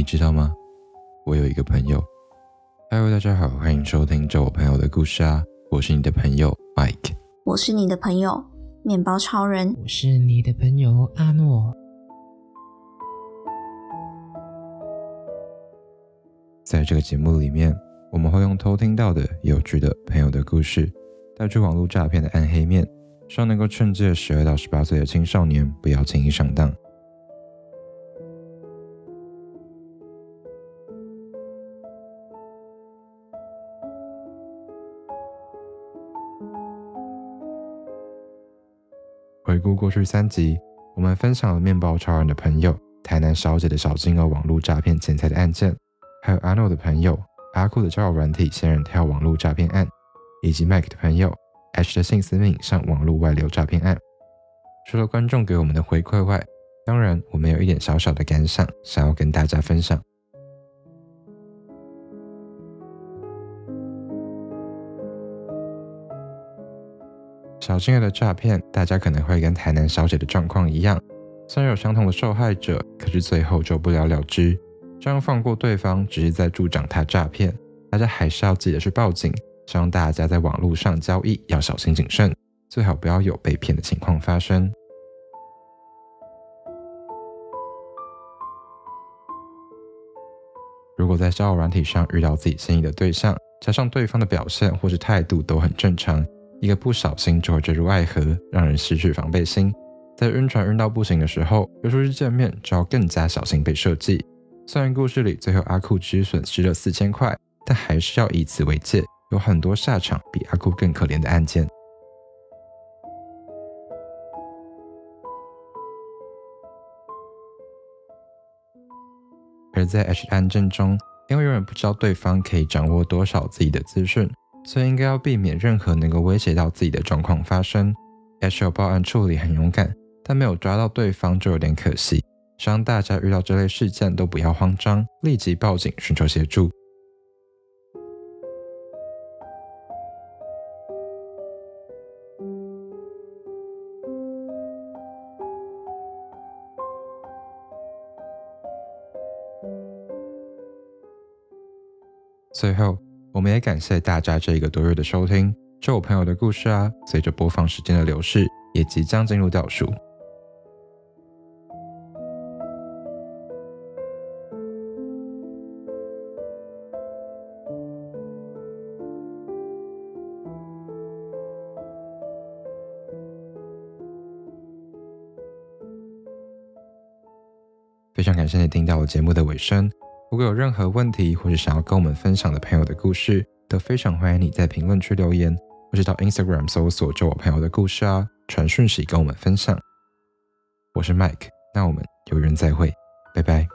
你知道嗎？我有一個朋友。Hello，大家好，歡迎收聽《就我朋友的故事》啊！我是你的朋友 Mike，我是你的朋友麵包超人，我是你的朋友阿諾。我阿在這個節目裡面，我們會用偷聽到的有趣的朋友的故事，帶出網絡詐騙的暗黑面，希望能夠勸戒十二到十八歲的青少年不要輕易上當。回顧過去三集，我們分享了麵包超人的朋友台南小姐的小金額網絡詐騙錢財的案件，還有阿諾、no、的朋友阿酷的交友軟體仙人跳網絡詐騙案，以及麥克的朋友 H 的性私密上網絡外流詐騙案。除了觀眾給我們的回饋外，當然我們有一點小小的感想想要跟大家分享。小心兒的詐騙，大家可能會跟台南小姐的狀況一樣，雖然有相同的受害者，可是最後就不了了之。這樣放過對方，只是在助長他詐騙。大家還是要記得去報警，讓大家在網絡上交易要小心謹慎，最好不要有被騙的情況發生。如果在社交軟體上遇到自己心儀的對象，加上對方的表現或是態度都很正常。一個不小心就會墜入愛河，讓人失去防備心。在暈船暈到不行的時候，約出去見面，就要更加小心被設計。雖然故事裡最後阿酷只損失了四千塊，但還是要以此為戒，有很多下場比阿酷更可憐的案件。而在 H 案件中，因為永遠不知道對方可以掌握多少自己的資訊。所以應該要避免任何能夠威脅到自己的狀況發生。H 小報案處理很勇敢，但沒有抓到對方就有點可惜。希望大家遇到這類事件都不要慌張，立即報警尋求協助。最後。我們也感謝大家這一個多月的收聽，就我朋友的故事啊，隨着播放時間的流逝，也即將進入倒數。非常感謝你聽到我節目的尾聲。如果有任何問題，或是想要跟我們分享的朋友的故事，都非常歡迎你在評論區留言，或是到 Instagram 搜索“就我朋友的故事”啊，傳訊息跟我們分享。我是 Mike，那我們有緣再會，拜拜。